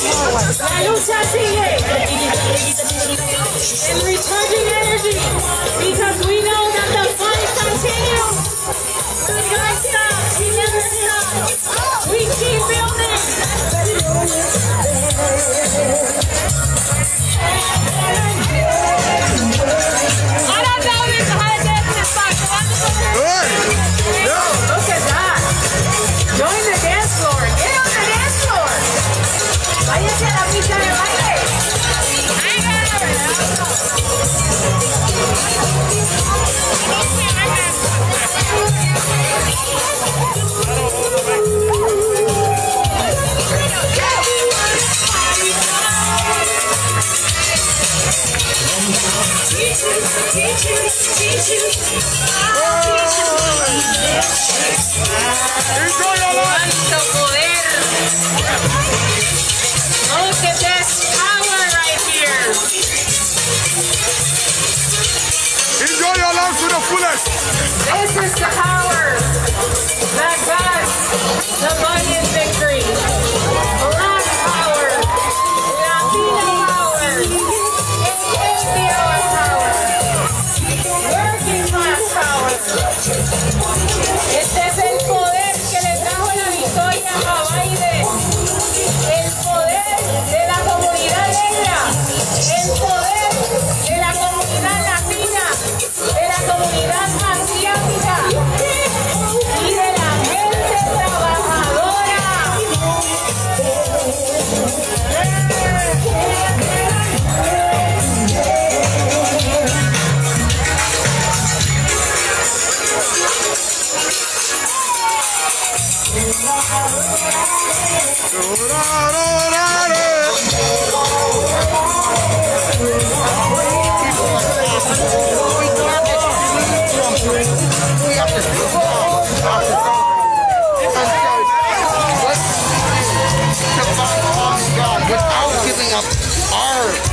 La lucha sigue. return.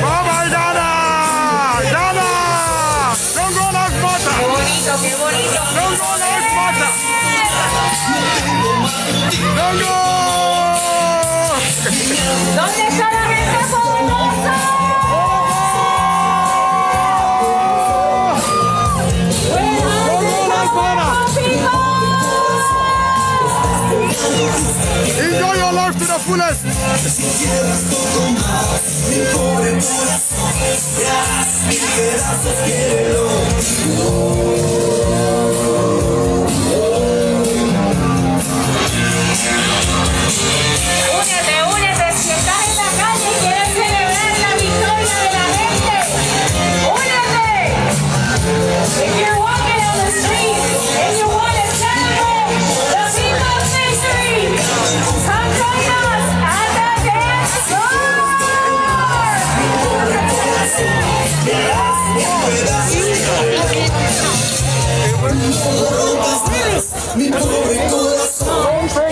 ¡Vamos, Dana! ¡Dana! ¡Con golas mata! ¡Qué bonito, qué bonito! ¡Con golas mata! ¿Dónde está la gente fabulosa? no life to the fullest. Si quieras poco más, el pobre corazón, ya, mi pedazo, quiérelo. Oh.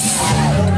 Podcast.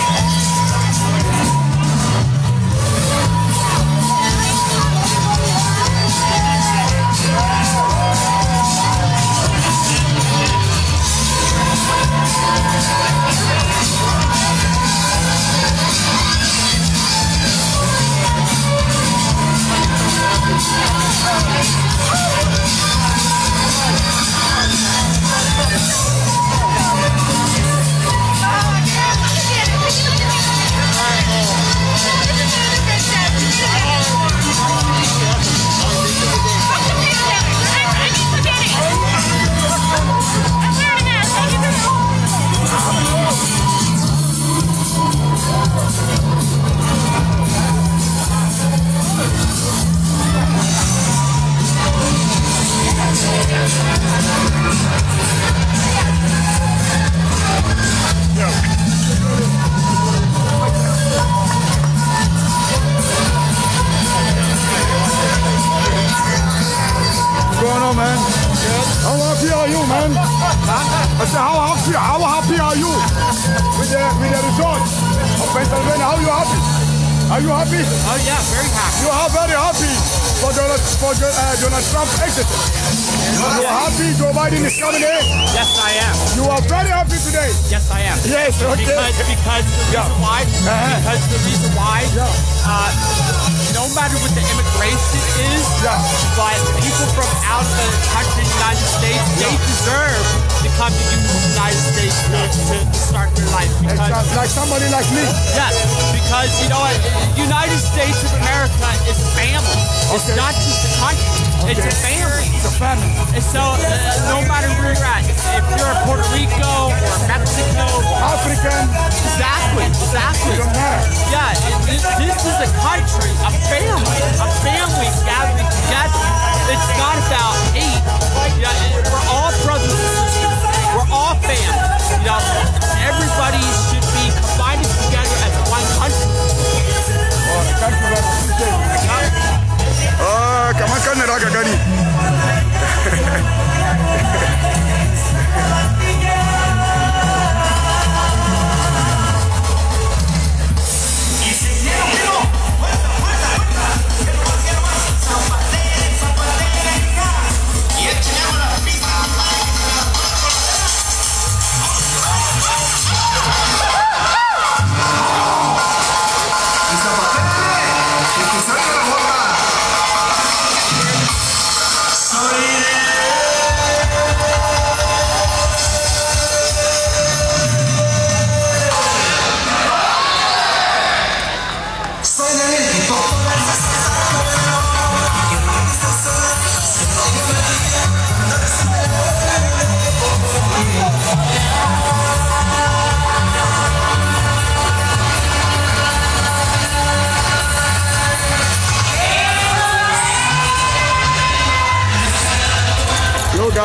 How happy are you, man? I said, how happy, how happy are you with the, with the result of Pennsylvania? How you happy? Are you happy? Oh, yeah, very happy. You are very happy for Donald, for uh, Donald Trump's exit. You are happy Joe Biden is coming in? Yes, I am. You are very happy today? Yes, I am. Yes, okay. Because, because the reason yeah. why, uh-huh. because the reason why, yeah. uh, no matter what the immigration is, yeah. but people from out of the country United States, yeah. they deserve how do you United States to start life? Because, like somebody like me. Yes, because you know what? United States of America is family. It's not just a country. Okay. It's a family. It's a family. And so, uh, no matter where you're at, if you're in Puerto Rico or Mexico, African, exactly, exactly. Yeah, it, this is a country, a family, a family gathering together. It's not about hate. Yeah, we're all brothers and sisters.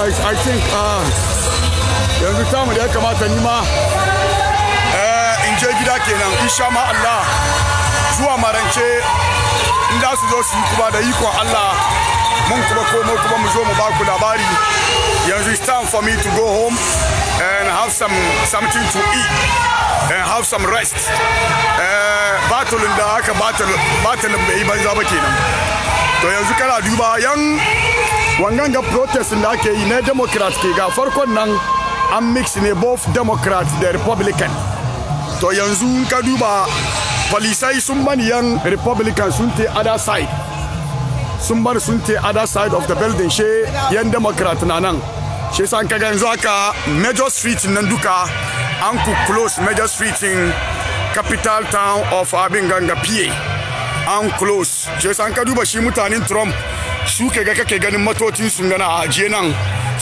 i think uh, yanzu tamu da ya kamata ni ma eh, in je gida kenan insha ma Allah zuwa marance in da su zo su yi kuma da ikon Allah mun kuma komo kuma mu zo mu ku labari yanzu it's time for me to go home and have some something to eat and have some rest eh, battle da aka battle bai banza ba kenan to yanzu kana duba yan wangan ga protest da ake yi na democrat ke ga farkon nan an mix ne both democrat da republican to yanzu ka duba polisai sun bani yan republican sun te other side sun bar sun te other side of the building she yan democrat na nan she san ka yanzu aka major street nan duka an ku close major street in capital town of abin ganga pa an close ke san ka duba shi mutanen trump su ke ga kake ganin matocin sun gana a ajiye nan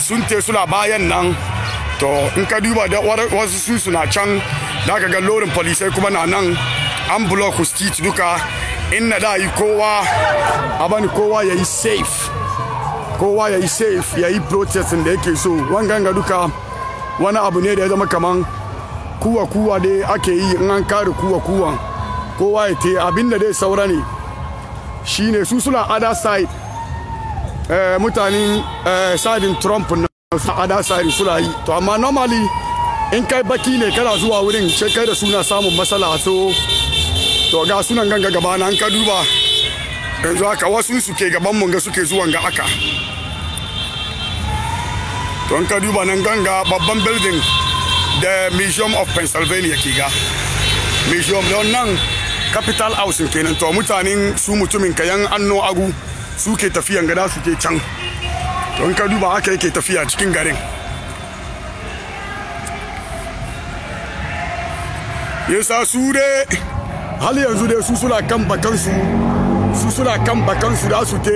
sun te suna bayan nan to in ka duba da wasu su suna can da ka ga lorin polisai kuma na nan an block street duka in na da yi kowa a bani kowa ya yi safe kowa ya yi safe ya yi protestin da yake so wanganga duka wani abu ne da ya zama kaman kuwa kuwa dai ake yi in an kare kuwa kuwan kowa ya te abin da dai saura ne shine su suna other side eh, mutanen eh, sadin trump na other side suna yi to amma normally in kai baki ne kana zuwa wurin sai kai da suna samun matsala so to ga sunan ganga gaba na ka duba yanzu haka wasu su ke gaban mun ga suke zuwan ga aka to ka duba nan ganga babban building da museum of pennsylvania ke ga museum don nan capital house kenan to mutanen su mutumin yan anno agu su ke tafiyan gada su ke can to ka duba haka yake tafiya cikin garin yasa su dai hali yanzu dai su suna kan bakan su su suna kan bakan su da su te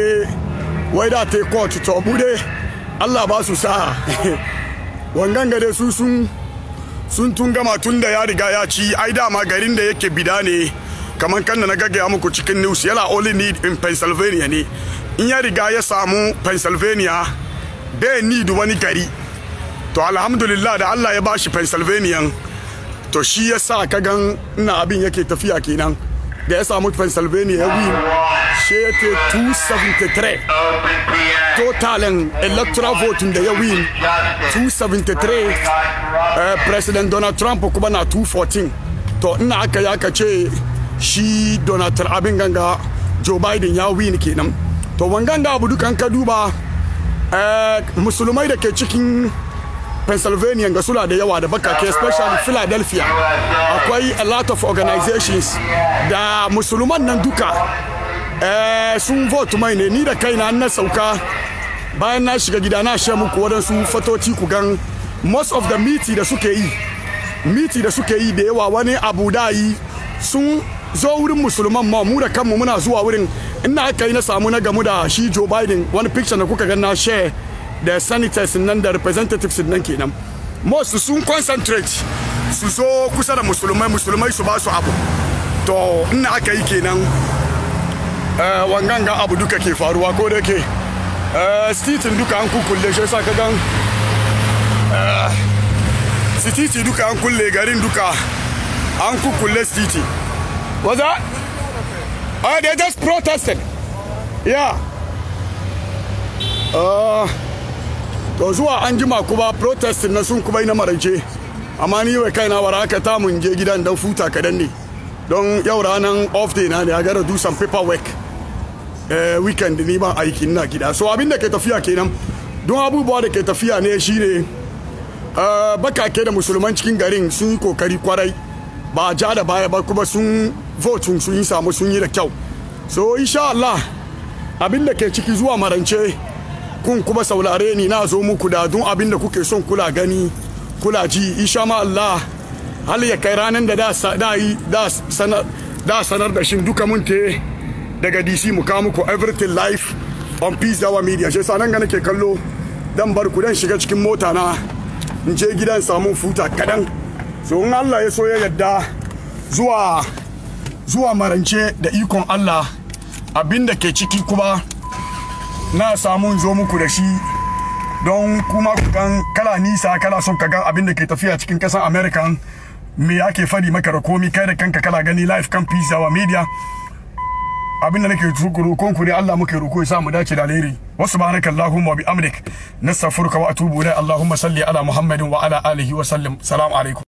wai da te court to mu dai Allah ba su sa wangan gade su sun sun tun gama tun da ya riga ya ci ai dama garin da yake bida ne kamar kan da na gaggaya muku cikin news yana only need in pennsylvania ne in ya riga ya samu pennsylvania bai need wani gari to alhamdulillah da allah ya bashi pennsylvania to shi ya sa ka gan ina abin yake tafiya kenan da ya samu pennsylvania ya win shi ya te 273 totalin electoral voting da ya win 273 eh, president donald trump kuma na 214 to ina aka ya ka ce shi donald trump abin ganga joe biden ya win kenan to da abu dukan ka duba eh, musulmai da ke cikin pennsylvania ga sula da yawa da bakake especially philadelphia akwai a lot of organizations da musulman nan duka eh, sun vote mai ne ni da kaina na sauka bayan na shiga gida na she muku waɗansu fatoci ku gan most of the miti da suke yi miti da suke yi da yawa wani abu da yi sun zo wurin musulman ma mu da kanmu muna zuwa wurin ina aka yi na samu na gamu da shi Joe Biden wani picture da kuka gan na share da senators nan da representatives nan kenan most sun concentrate su zo kusa da musulmai musulmai su ba su abu to ina aka yi kenan eh, wangan ga abu duka ke faruwa ko da ke stitin eh, duka an kukulle shi sa ka gan sititi eh, duka an kulle garin duka an kukulle stitin What's that? Oh, they just protested. Yeah. Uh, to zuwa an jima kuma protesting na sun kuma yi na marance amma ni kai kaina wara aka ta mun je gidan dan futa kadan ne don yau ranar off day na ne I gotta do some paperwork Uh, weekend ni ba aiki na gida so abinda ke tafiya kenan don abubuwa da ke tafiya ne shine uh, eh, ke da musulman cikin garin sun yi kokari kwarai ba ja da baya ba kuma sun votin sun yi samu sun yi da kyau so insha Allah abin da ke ciki zuwa marance kun kuma saulare ni na zo muku da dun abin da kuke son kula gani kula ji insha ma Allah hal ya kai ranar da da yi da sanar da sanar shin duka mun te daga DC mu kawo muku everything life on peace our media shi sanan ga nake kallo dan bar ku dan shiga cikin mota na in je gidan samun futa kadan so in Allah ya so ya yadda zuwa zuwa marance da ikon Allah abinda ke ciki kuma na samu zo muku da shi don kuma ku kan kala nisa kala son ka gan abinda ke tafiya cikin kasan America me ake fadi maka da komi kai da kanka kala gani live kan pizza wa media abinda nake tukuru kon ku ne Allah muke roko ya mu dace da alheri wa subhanaka allahumma bi amrik nastaghfiruka wa atubu ilayk allahumma salli ala muhammadin wa ala alihi wa sallam salamu alaikum